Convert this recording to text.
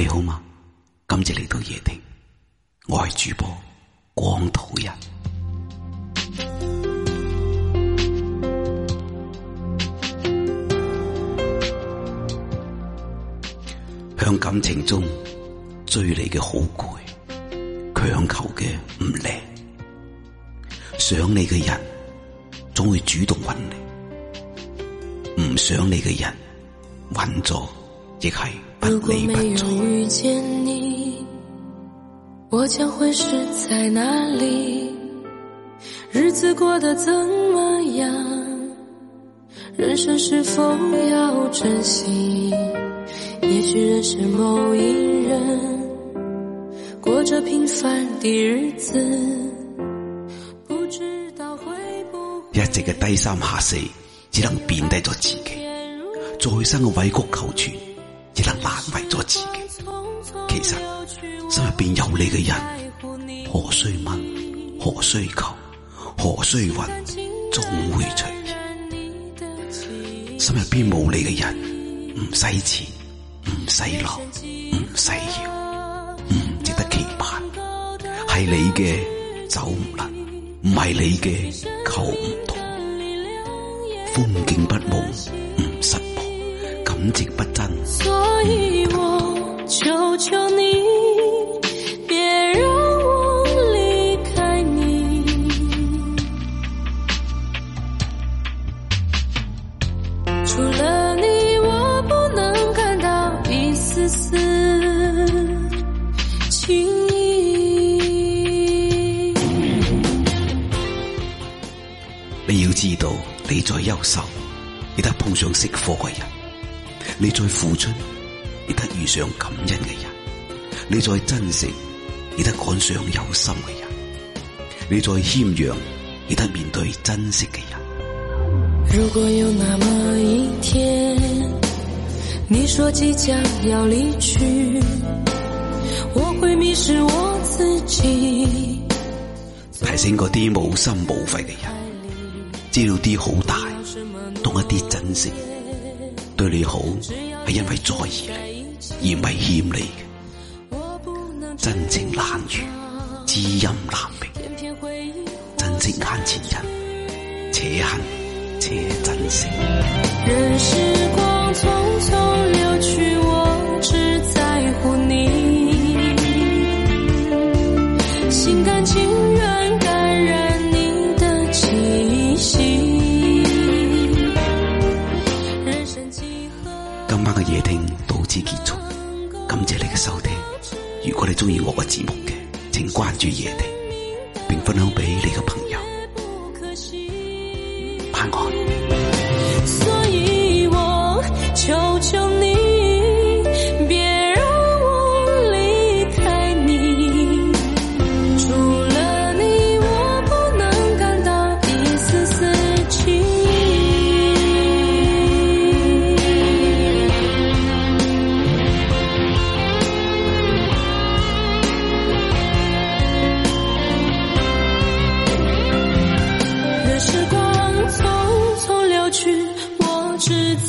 你好嗎？感謝嚟到夜聽，我係主播光土人、嗯。向感情中追你嘅好攰，強求嘅唔靚，想你嘅人總會主動揾你，唔想你嘅人揾咗亦係。如果沒有遇見你，我將會是在哪裏？日子過得怎麼樣？人生是否要珍惜？也許認識某一人，過着平凡的日子，不知道會不會？一直嘅低三下四，只能貶低咗自己，再生嘅委曲求全。只能難為咗自己，其實心入邊有你嘅人，何須問，何須求，何須運，總會隨意。心入邊冇你嘅人，唔使錢，唔使勞，唔使要，唔值得期盼。係你嘅走唔甩，唔係你嘅求唔到。風景不慕，唔失望，感情不真。你要知道，你再優秀，你亦得碰上識貨嘅人；你再付出，你亦得遇上感恩嘅人；你再真誠，你亦得趕上有心嘅人；你再謙讓，你亦得面對珍惜嘅人。如果有那麼一天。提醒嗰啲冇心冇肺嘅人，知道啲好大，懂一啲珍惜。對你好係因為在意你，而唔係欠你嘅。真情難遇，知音難覓，珍惜眼前人，且行且珍惜。夜聽到此結束，感謝你嘅收聽。如果你中意我嘅節目嘅，請關注夜聽，並分享俾你嘅朋友。晚安。